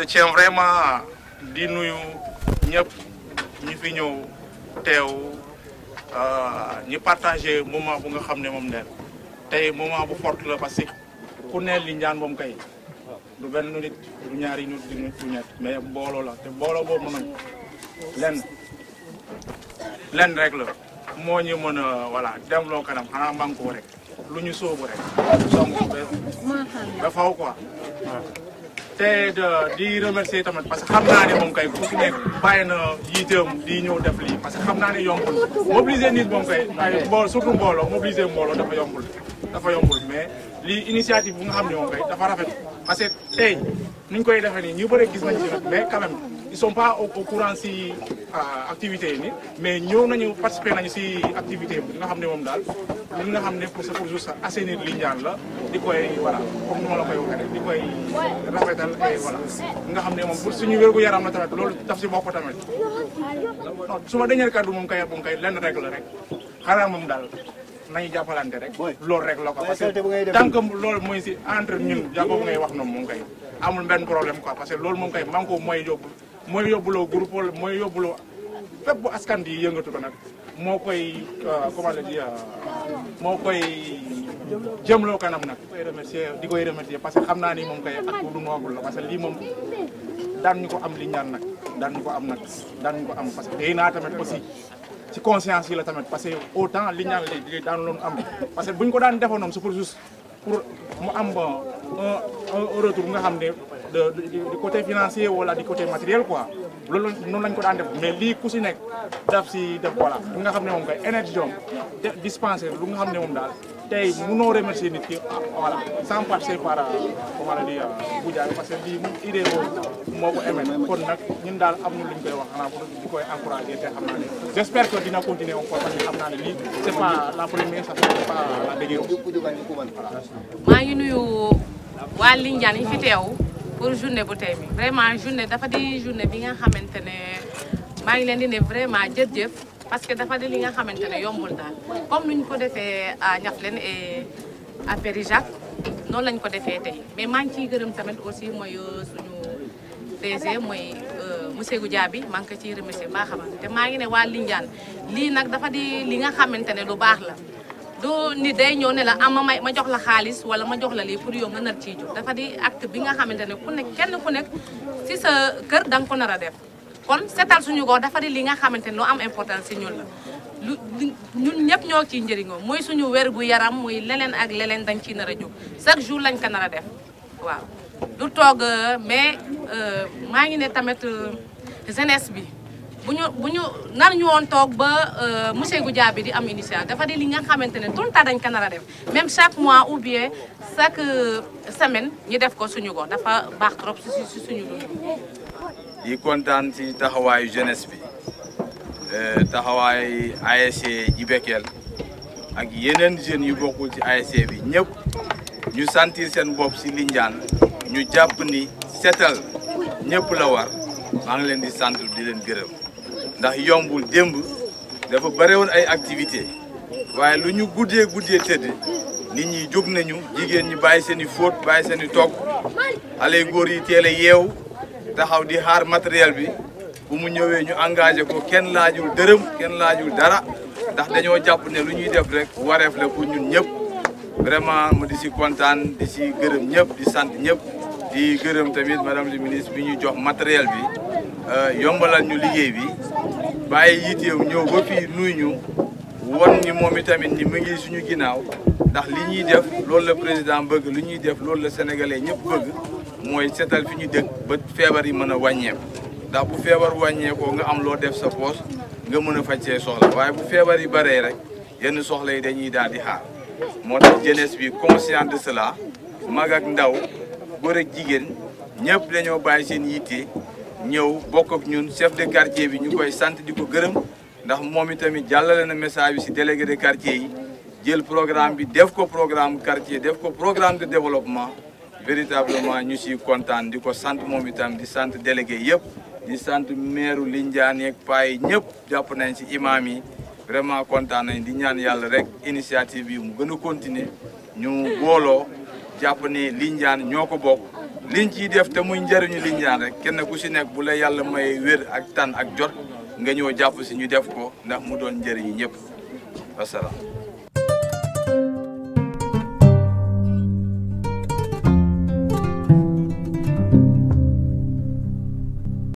je tiens vraiment di nuyu ñëpp ñi fi ñëw teew euh, ñi partagé moment bu nga xam ne moom neen tey moment bu fort la parce que ku neel li njaan moom kay du benn nit du ñaari nit du nit du ñett mais mbooloo la te mbooloo boobu mën a lenn lenn rek la moo ñu mën a voilà dem loo kanam xanaa mànkoo rek lu ñu sóobu rek ba faw quoi te di remercier tamit parce que xam naa ne moom kay ku si nekk bàyyi na yiiteem di ñëw def lii parce que xam naa ne yombul mobiliser nit moom kay ay surtout mbooloo mobliser mbooloo dafa yombul dafa yombul mais lii initiative bu nga xam ne moom kay dafa rafet parce que tey nuñ koy defee ni ñu bëri gis nañ ci nak mais quand même ils sont pas au au courant si uh, activité ni mais ñëw nañu participer nañ si activité bi nga xamné mom dal li nga xamné ne pour sa pour juste assainir li ñaan la di koy voilà comme nu la koy waxé rek di koy rafetal et voilà nga xamné mom pour suñu wérgu yaram la tamit lolu taf ci bokk tamit suma dernier cadeau mom kay bon kay lenn rek la rek xaram mom dal nañu jappalante rek lolu rek la ko parce que tant que loolu mooy si entre ñun jappo ngay wax non moom kay amul ben problème quoi parce que lool mom kay manko mooy yóbbu mooy yóbbuloo groupe moy mooy yóbbuloo fépp bu askan bi yeungatu ko nak mo koy euh, comment le dire mo koy lo kanam nak koy remercier di koy remercier parce que xamna ni mom kay ak du noogul la parce que li mom dan ñuko am li ñaan nak dan ñuko am nak dan ñuko am parce que day naa tamit aussi ci conscience yi la tamit parce que autant li ñaan li dan loon am parce que buñ ko daan defoon noonu pour juste pour mu am euh, un retour nga xam ne du côté financier wala di côté matériel quoi loolu noon lañ ko daan def mais lii ku si nekk daf si def voilà lu nga xam ne moom kay énergie doom def dispenser lu nga xam ne moom daal tey mënoo remercier nit ki ah, voilà sans passer par euh, comment la di Boudiaye parce que lii mu idée moo ko amee kon nag ñun daal am na lu ñu koy wax xanaa pour di koy encourager te xam naa ne que dina continuer encore parce que xam naa ne lii pas la première ça c' est pas maa ngi nuyu waa Lindiane yi fi teew pour journée bu tey bi vraiment journée dafa di journée bi nga xamante ne maa ngi leen di ne vraiment jërëjëf. parce que dafa di li nga xamante ne yombul daal comme nu ñu ko defee à Niakhlen et à Périjac noonu lañ ko defee tey mais maa ngi ciy gërëm tamit aussi mooy euh, suñu DG mooy euh, monsieur Goudiaby maa ngi ko ci remercier baax a baax te maa ngi ne waa Lindiane lii nag dafa di li nga xamante ne lu baax la doo ni day ñëw ne la am ah, ma may ma jox la xaalis wala ma jox la lii pour yow nga nar ci jóg dafa di acte bi nga xamante ne ku nekk kenn ku nekk si sa kër da ko nar a def kon setal suñu gox dafa di li nga xamante ne lu am importance si ñun la lu ñun ñëpp ñoo kii njëriñoo mooy suñu wér gu yaram muy leneen ak leneen dañ ciy nar a jóg chaque jour lañ ko nar a def waaw du toog euh, mais euh, maa ngi ne tamit euh, jeunesse bi bu ñu bu ñu nar ñu woon toog ba monsieur bi di am initiative dafa di lii nga xamante ne tout le temps dañ ko nar a def même chaque mois ou bien chaque semaine ñu def ko suñu gox dafa baax trop si suñu dund di kontaan si taxawaayu jeunesse bi euh, taxawaay ASC Jibekeel ak yeneen jeunes yu bokkul ci ASC bi ñëpp ñu sentir seen bopp si Lindiane ñu jàpp ni setal ñëpp la war maa ngi leen di sant di leen gërëm ndax yombul démb dafa bare woon ay activité waaye lu ñu guddee guddee tëdd nit ñi jóg nañu jigéen ñi bàyyi seen fóot bàyyi seen i togg xale góor yi teel yeew taxaw di xaar matériel bi bu mu ñëwee ñu engagé ko kenn laajul dërëm kenn laajul dara ndax dañoo jàpp ne lu ñuy def rek wareef la pour ñun ñëpp vraiment mu di si kontaan di si gërëm ñëpp di sant ñëpp di gërëm tamit madame le ministre bi ñu jox matériel bi euh, yombalal ñu liggéey bi bàyyi yiteew ñëw ba fii nuy ñu won ñi moom itamit ñi mu ngi suñu ginnaaw ndax li ñuy def loolu la président bëgg li ñuy def loolu la sénégalais ñëpp bëgg mooy setal fi ñu dëkk ba feebar yi mën a wàññeeku ndax bu feebar wàññeekoo nga am loo def sa poos nga mën a faj say soxla waaye bu feebar yi baree rek yenn soxla yi dañuy daal di xaar moo tax jeunesse bi conscient de cela mag ak ndaw góor ak jigéen ñëpp dañoo bàyyi seen yitte ñëw bokk ak ñun chef de quartier bi ñu koy sant di ko gërëm ndax moom itamit jàllale na message bi ci délégué de quartier yi jël programme bi def ko programme quartier def ko programme de développement véritablement ñu siy kontaan di ko sant moom itam di sant délégué yëpp di sant maire Lindiane ak paa yi ñëpp jàpp nañ ci imam yi vraiment kontaan nañ di ñaan yàlla rek initiative yi mu gën a continuer ñu booloo jàpp ni Lindiane ñoo ko bokk liñ ciy def te muy njëriñu Lindiane rek kenn ku si nekk bu la yàlla may wér ak tan ak jot nga ñëw jàpp si ñu def ko ndax mu doon njëriñu ñëpp wasalaam